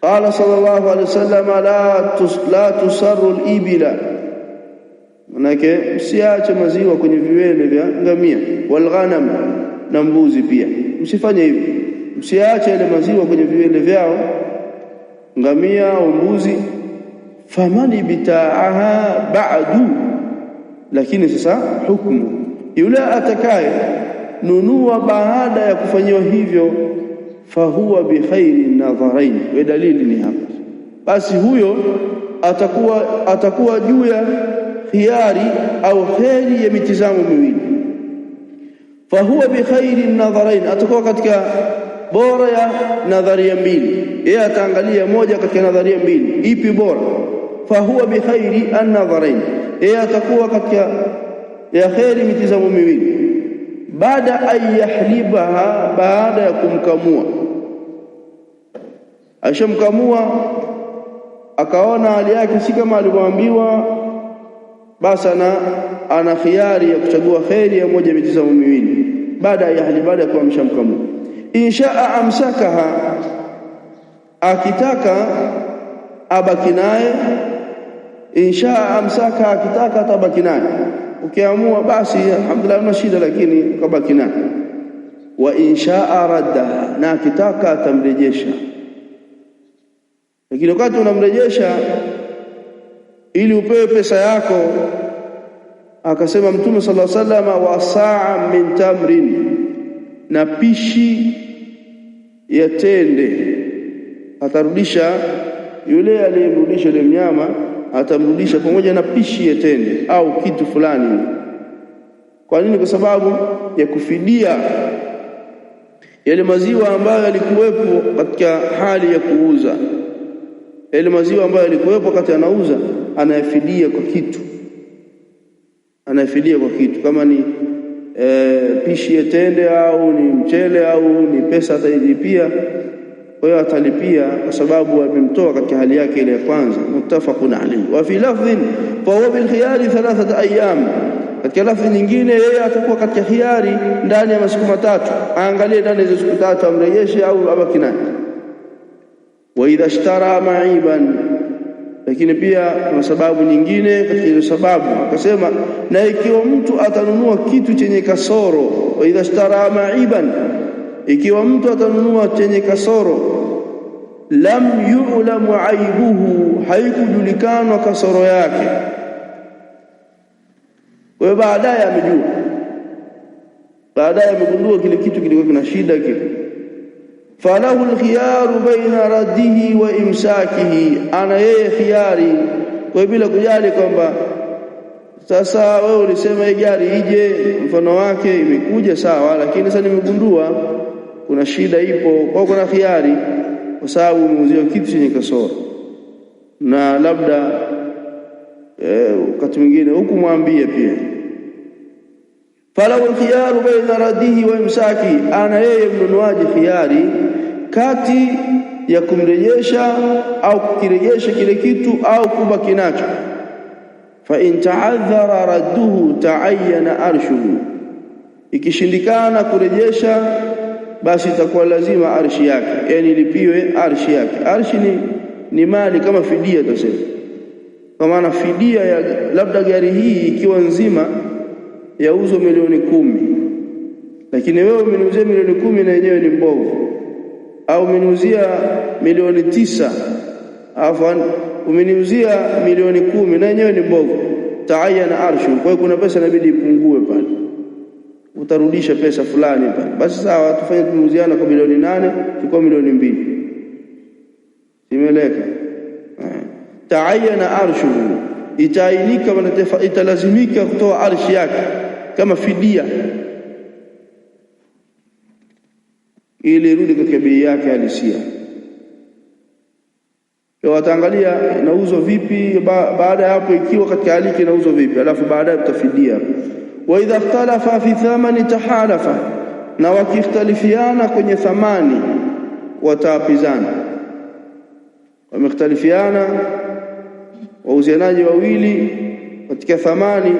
qala sallallahu alaihi wasallam la tus, la tusaru al manake msiache maziwa kwenye viwele vya ngamia, walghanam na mbuzi pia. Msifanye hivyo, msiache ile maziwa kwenye viwele vyao, ngamia au mbuzi. famani bitaaha ba'du, lakini sasa hukumu, yule atakaye nunua baada ya kufanyiwa hivyo fahuwa bikhairi nadharain, we dalili ni hapa. Basi huyo atakuwa atakuwa juu ya khiari au kheri ya mitizamo miwili. Fahuwa bikhairi nadharain, atakuwa katika bora ya nadharia mbili. Yeye ataangalia moja katika nadharia mbili, ipi bora? Fahuwa bikhairi an-nadharain, yeye atakuwa katika ya kheri mitizamo miwili baada an baada ya kumkamua. Alishamkamua akaona hali yake si kama alivyoambiwa, basi ana ana khiari ya kuchagua kheri ya moja mitazamo miwili, baada ya yahli, baada ya kuwa ameshamkamua. Inshaa amsakaha, akitaka abaki naye. Inshaa amsakaha, akitaka atabaki naye ukiamua basi alhamdulillah, hamna shida, lakini ukabaki na Wa inshaa raddaha, na akitaka atamrejesha. Lakini wakati unamrejesha ili upewe pesa yako, akasema Mtume sallallahu alaihi wasallam, wa saa min tamrin, na pishi ya tende atarudisha yule aliyemrudisha yule mnyama atamrudisha pamoja na pishi yetende au kitu fulani. Kwa nini? Kwa sababu ya kufidia yale maziwa ambayo yalikuwepo katika hali ya kuuza, yale maziwa ambayo yalikuwepo wakati anauza, anayafidia kwa kitu, anayafidia kwa kitu, kama ni e, pishi yetende au ni mchele au ni pesa atailipia kwa hiyo atalipia kwa sababu amemtoa katika hali yake ile ya kwanza. Muttafaqun alayhi. Wa fi lafdhin fa huwa bil khiyari thalathata ayyam, katika lafzi nyingine yeye atakuwa katika khiyari ndani ya masiku matatu, aangalie ndani ya siku tatu amrejeshe au abaki naye. Wa idha ishtara ma'iban, lakini pia kwa sababu nyingine katika hizo sababu, akasema na ikiwa mtu atanunua kitu chenye kasoro. Wa idha ishtara ma'iban, ikiwa mtu atanunua chenye kasoro lam yu'lam aibuhu, haikujulikanwa kasoro yake. Kwa baadaye amejua, baadaye amegundua kile kitu kilikuwa kina shida kile. Falahu alkhiyaru baina raddihi wa imsakihi, ana yeye khiyari kwa bila kujali kwamba sasa wewe ulisema hii gari ije, mfano wake imekuja sawa, lakini sasa nimegundua kuna shida ipo, kwa kuna khiyari kwa sababu umeuziwa kitu chenye kasoro, na labda eh, wakati e, mwingine hukumwambia pia. Falau lkhiyaru baina raddihi wa imsaki, ana yeye mnunuaji khiari kati ya kumrejesha au kukirejesha kile kitu au kubaki nacho. Fa in taadhara radduhu taayana arshuhu, ikishindikana kurejesha basi itakuwa lazima arshi yake, yani ilipiwe arshi yake. Arshi ni, ni mali kama fidia tasema, kwa maana fidia ya labda gari hii ikiwa nzima yauzwa milioni kumi, lakini wewe umeniuzia milioni kumi na yenyewe ni mbovu, au umeniuzia milioni tisa alafu umeniuzia milioni kumi na yenyewe ni mbovu, taayana arshu. Kwa hiyo kuna pesa inabidi ipungue pale utarudisha pesa fulani pale, basi sawa, tufanye tumuziana kwa milioni nane, chukua milioni mbili. Imeleka ah. taayana arshuhu, itaainika, italazimika kutoa arshi yake kama fidia, ili rudi katika bei yake halisia. Wataangalia inauzwa vipi, baada ya hapo, ikiwa katika hali inauzwa vipi, alafu baadaye tutafidia wa idha ikhtalafa fi thamani tahalafa, na wakikhtalifiana kwenye thamani wataapizana. Wamekhtalifiana wauzianaji wawili katika thamani,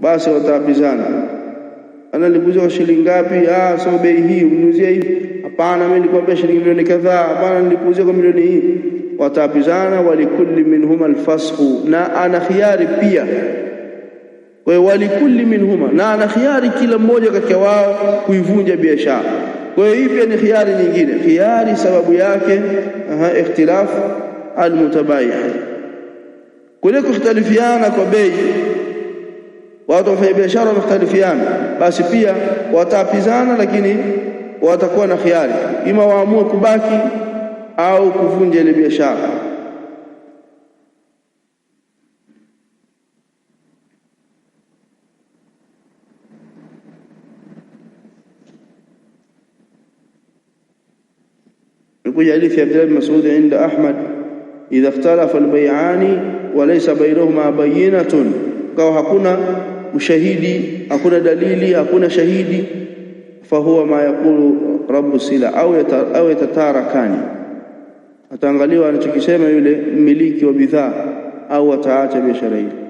basi wataapizana. Ana wa shilingi ngapi? Ah, sio bei hii umniuzie hii. Hapana, mimi nilikwambia shilingi milioni kadhaa. Hapana, nilikuuzia kwa milioni hii. Wataapizana. Walikulli minhuma alfasqu, na ana khiari pia kwa hiyo walikulli minhuma, na ana khiari kila mmoja kati wao kuivunja biashara. Kwa hiyo hii pia ni khiari nyingine. Khiari sababu yake aha, ikhtilafu almutabayin kule kukhtalifiana kwa bei. Watu wafanya biashara wamekhtalifiana, basi pia watapizana lakini watakuwa na khiari, ima waamue kubaki au kuvunja ile biashara. Ikuja hadithi ya Abdullah bin Mas'ud inda Ahmad, idha ikhtalafa albay'ani wa laysa bainahuma bayyinatun, kawa hakuna ushahidi, hakuna dalili, hakuna shahidi, fahuwa ma yaqulu rabbu sila au yatatarakani, ataangaliwa anachokisema yule mmiliki wa bidhaa au ataacha biashara hiyo.